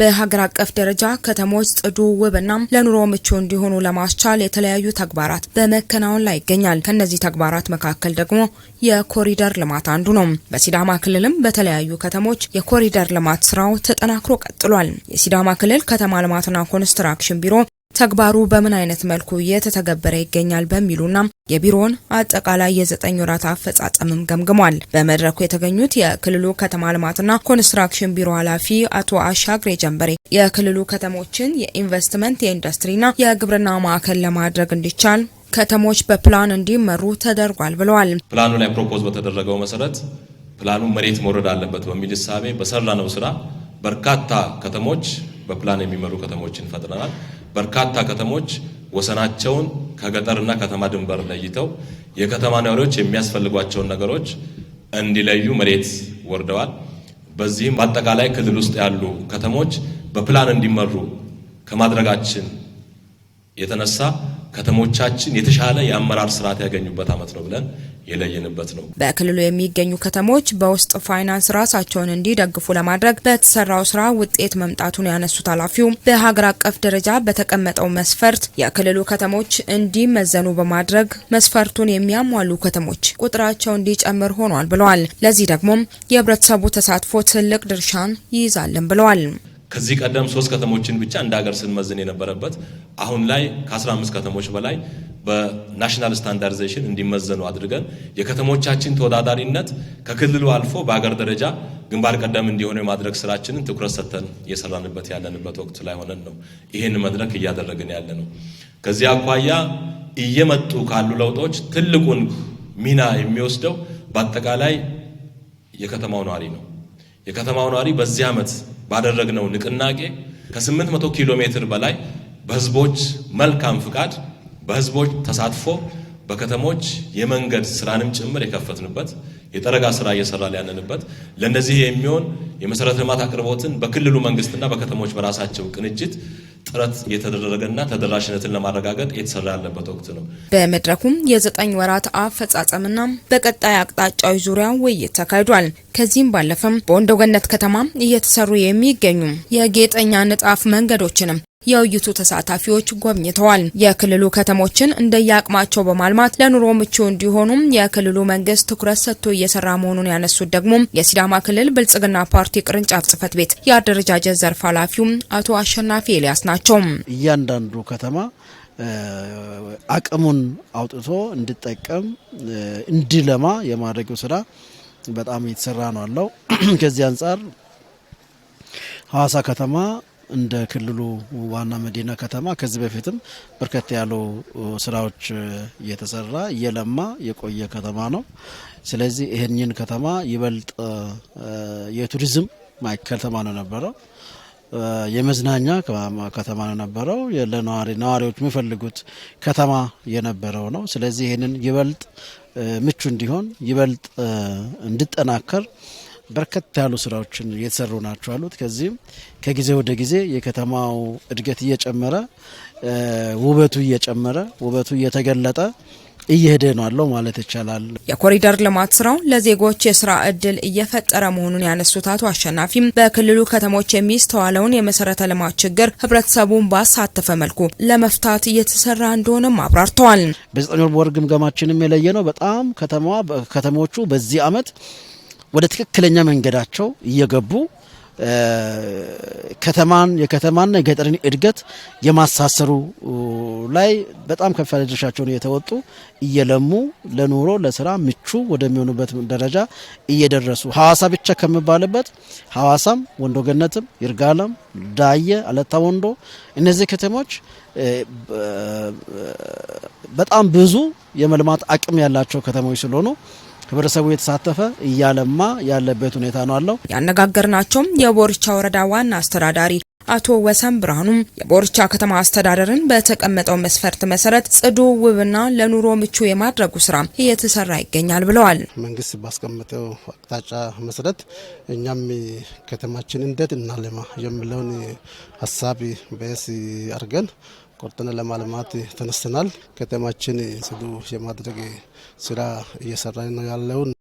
በሀገር አቀፍ ደረጃ ከተሞች ጽዱ፣ ውብና ለኑሮ ምቹ እንዲሆኑ ለማስቻል የተለያዩ ተግባራት በመከናወን ላይ ይገኛል። ከነዚህ ተግባራት መካከል ደግሞ የኮሪደር ልማት አንዱ ነው። በሲዳማ ክልልም በተለያዩ ከተሞች የኮሪደር ልማት ስራው ተጠናክሮ ቀጥሏል። የሲዳማ ክልል ከተማ ልማትና ኮንስትራክሽን ቢሮ ተግባሩ በምን አይነት መልኩ እየተተገበረ ይገኛል በሚሉና የቢሮውን አጠቃላይ የዘጠኝ ወራት አፈጻጸምም ገምግሟል። በመድረኩ የተገኙት የክልሉ ከተማ ልማትና ኮንስትራክሽን ቢሮ ኃላፊ አቶ አሻግሬ ጀንበሬ የክልሉ ከተሞችን የኢንቨስትመንት የኢንዱስትሪና የግብርና ማዕከል ለማድረግ እንዲቻል ከተሞች በፕላን እንዲመሩ ተደርጓል ብለዋል። ፕላኑ ላይ ፕሮፖዝ በተደረገው መሰረት ፕላኑ መሬት መውረድ አለበት በሚል እሳቤ በሰራነው ስራ በርካታ ከተሞች በፕላን የሚመሩ ከተሞችን ፈጥረናል። በርካታ ከተሞች ወሰናቸውን ከገጠርና ከተማ ድንበር ለይተው የከተማ ነዋሪዎች የሚያስፈልጓቸውን ነገሮች እንዲለዩ መሬት ወርደዋል። በዚህም በአጠቃላይ ክልል ውስጥ ያሉ ከተሞች በፕላን እንዲመሩ ከማድረጋችን የተነሳ ከተሞቻችን የተሻለ የአመራር ስርዓት ያገኙበት አመት ነው ብለን የለየንበት ነው። በክልሉ የሚገኙ ከተሞች በውስጥ ፋይናንስ ራሳቸውን እንዲደግፉ ለማድረግ በተሰራው ስራ ውጤት መምጣቱን ያነሱት ኃላፊው በሀገር አቀፍ ደረጃ በተቀመጠው መስፈርት የክልሉ ከተሞች እንዲመዘኑ በማድረግ መስፈርቱን የሚያሟሉ ከተሞች ቁጥራቸው እንዲጨምር ሆኗል ብለዋል። ለዚህ ደግሞ የህብረተሰቡ ተሳትፎ ትልቅ ድርሻን ይይዛልን ብለዋል። ከዚህ ቀደም ሶስት ከተሞችን ብቻ እንደ ሀገር ስንመዝን የነበረበት አሁን ላይ ከ15 ከተሞች በላይ በናሽናል ስታንዳርዲዜሽን እንዲመዘኑ አድርገን የከተሞቻችን ተወዳዳሪነት ከክልሉ አልፎ በሀገር ደረጃ ግንባር ቀደም እንዲሆነ የማድረግ ስራችንን ትኩረት ሰጥተን እየሰራንበት ያለንበት ወቅት ላይ ሆነን ነው ይህን መድረክ እያደረግን ያለ ነው። ከዚህ አኳያ እየመጡ ካሉ ለውጦች ትልቁን ሚና የሚወስደው በአጠቃላይ የከተማው ነዋሪ ነው። የከተማው ነዋሪ በዚህ ዓመት ባደረግነው ንቅናቄ ከ800 ኪሎ ሜትር በላይ በህዝቦች መልካም ፍቃድ በህዝቦች ተሳትፎ በከተሞች የመንገድ ስራንም ጭምር የከፈትንበት የጠረጋ ስራ እየሰራ ያለንበት ለእነዚህ የሚሆን የመሰረተ ልማት አቅርቦትን በክልሉ መንግስትና በከተሞች በራሳቸው ቅንጅት ጥረት የተደረገና ተደራሽነትን ለማረጋገጥ የተሰራ ያለበት ወቅት ነው። በመድረኩም የዘጠኝ ወራት አፈጻጸምና በቀጣይ አቅጣጫዎች ዙሪያ ውይይት ተካሂዷል። ከዚህም ባለፈም በወንዶ ገነት ከተማ እየተሰሩ የሚገኙ የጌጠኛ ንጣፍ መንገዶችንም የውይይቱ ተሳታፊዎች ጎብኝተዋል። የክልሉ ከተሞችን እንደየአቅማቸው በማልማት ለኑሮ ምቹ እንዲሆኑም የክልሉ መንግስት ትኩረት ሰጥቶ እየሰራ መሆኑን ያነሱት ደግሞ የሲዳማ ክልል ብልጽግና ፓርቲ ቅርንጫፍ ጽህፈት ቤት የአደረጃጀት ዘርፍ ኃላፊው አቶ አሸናፊ ኤልያስ ናቸው። እያንዳንዱ ከተማ አቅሙን አውጥቶ እንዲጠቀም እንዲለማ የማድረጉ ስራ በጣም እየተሰራ ነው አለው። ከዚህ አንጻር ሀዋሳ ከተማ እንደ ክልሉ ዋና መዲና ከተማ ከዚህ በፊትም በርከት ያሉ ስራዎች እየተሰራ እየለማ የቆየ ከተማ ነው። ስለዚህ ይህንን ከተማ ይበልጥ የቱሪዝም ከተማ ነው ነበረው። የመዝናኛ ከተማ ነው ነበረው። ለነዋሪ ነዋሪዎች የሚፈልጉት ከተማ የነበረው ነው። ስለዚህ ይህንን ይበልጥ ምቹ እንዲሆን ይበልጥ እንዲጠናከር በርከት ያሉ ስራዎችን እየተሰሩ ናቸው አሉት። ከዚህም ከጊዜ ወደ ጊዜ የከተማው እድገት እየጨመረ ውበቱ እየጨመረ ውበቱ እየተገለጠ እየሄደ ነው አለው ማለት ይቻላል። የኮሪደር ልማት ስራው ለዜጎች የስራ እድል እየፈጠረ መሆኑን ያነሱት አቶ አሸናፊም በክልሉ ከተሞች የሚስተዋለውን የመሰረተ ልማት ችግር ህብረተሰቡን ባሳተፈ መልኩ ለመፍታት እየተሰራ እንደሆነም አብራርተዋል። በዘጠኝ ወር ግምገማችንም የለየ ነው በጣም ከተማዋ ከተሞቹ በዚህ አመት ወደ ትክክለኛ መንገዳቸው እየገቡ ከተማን የከተማና የገጠርን እድገት የማሳሰሩ ላይ በጣም ከፍ ያለ ድርሻቸውን እየተወጡ እየለሙ ለኑሮ ለስራ ምቹ ወደሚሆኑበት ደረጃ እየደረሱ ሀዋሳ ብቻ ከሚባልበት ሀዋሳም፣ ወንዶ ገነትም፣ ይርጋለም፣ ዳየ፣ አለታ ወንዶ እነዚህ ከተሞች በጣም ብዙ የመልማት አቅም ያላቸው ከተሞች ስለሆኑ ህብረተሰቡ የተሳተፈ እያለማ ያለበት ሁኔታ ነው አለው። ያነጋገርናቸውም የቦርቻ ወረዳ ዋና አስተዳዳሪ አቶ ወሰን ብርሃኑም የቦርቻ ከተማ አስተዳደርን በተቀመጠው መስፈርት መሰረት ጽዱ፣ ውብና ለኑሮ ምቹ የማድረጉ ስራ እየተሰራ ይገኛል ብለዋል። መንግስት ባስቀመጠው አቅጣጫ መሰረት እኛም ከተማችን እንዴት እናለማ የሚለውን ሀሳብ በስ አድርገን ቆርጠን ለማልማት ተነስተናል። ከተማችን ጽዱ የማድረግ ስራ እየሰራ ነው ያለውን